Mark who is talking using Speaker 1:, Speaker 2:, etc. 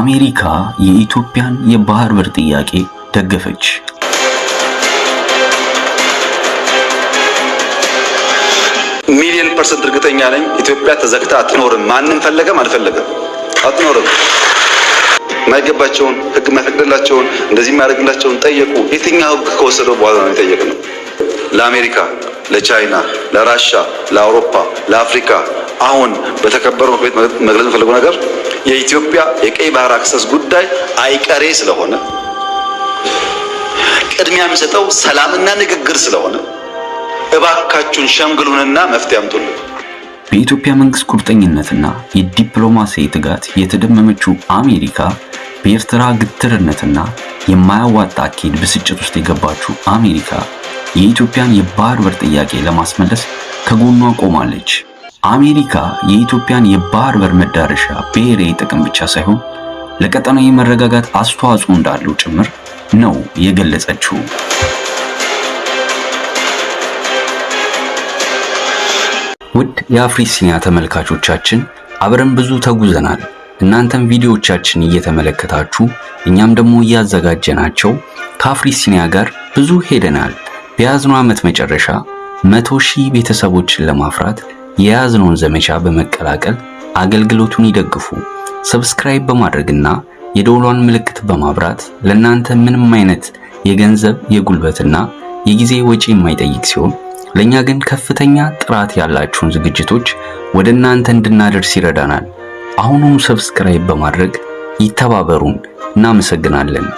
Speaker 1: አሜሪካ የኢትዮጵያን የባህር በር ጥያቄ ደገፈች።
Speaker 2: ሚሊዮን ፐርሰንት እርግጠኛ ነኝ ኢትዮጵያ ተዘግታ አትኖርም። ማንም ፈለገም አልፈለገም አትኖርም። የማይገባቸውን ህግ የማይፈቅድላቸውን እንደዚህ የማያደርግላቸውን ጠየቁ። የትኛው ህግ ከወሰደው በኋላ ነው የጠየቅነው? ለአሜሪካ፣ ለቻይና፣ ለራሻ፣ ለአውሮፓ፣ ለአፍሪካ አሁን በተከበረው ምክር ቤት መግለጽ የምፈልገው ነገር የኢትዮጵያ የቀይ ባህር አክሰስ ጉዳይ አይቀሬ ስለሆነ ቅድሚያ የሚሰጠው ሰላምና ንግግር ስለሆነ እባካችሁን ሸምግሉንና መፍትሄ አምጡልን።
Speaker 1: በኢትዮጵያ መንግስት ቁርጠኝነትና የዲፕሎማሲ ትጋት የተደመመችው አሜሪካ በኤርትራ ግትርነትና የማያዋጣ አካሄድ ብስጭት ውስጥ የገባችው አሜሪካ የኢትዮጵያን የባህር በር ጥያቄ ለማስመለስ ከጎኗ ቆማለች። አሜሪካ የኢትዮጵያን የባህር በር መዳረሻ ብሔራዊ ጥቅም ብቻ ሳይሆን ለቀጠናዊ መረጋጋት አስተዋጽኦ እንዳለው ጭምር ነው የገለጸችው። ውድ የአፍሪሲኒያ ተመልካቾቻችን አብረን ብዙ ተጉዘናል። እናንተም ቪዲዮዎቻችን እየተመለከታችሁ እኛም ደግሞ እያዘጋጀናቸው ከአፍሪሲኒያ ጋር ብዙ ሄደናል። በያዝነው ዓመት መጨረሻ መቶ ሺህ ቤተሰቦችን ለማፍራት የያዝነውን ዘመቻ በመቀላቀል አገልግሎቱን ይደግፉ። ሰብስክራይብ በማድረግና የደውሏን ምልክት በማብራት ለእናንተ ምንም አይነት የገንዘብ የጉልበትና የጊዜ ወጪ የማይጠይቅ ሲሆን ለእኛ ግን ከፍተኛ ጥራት ያላቸውን ዝግጅቶች ወደ እናንተ እንድናደርስ ይረዳናል። አሁኑም ሰብስክራይብ በማድረግ ይተባበሩን። እናመሰግናለን።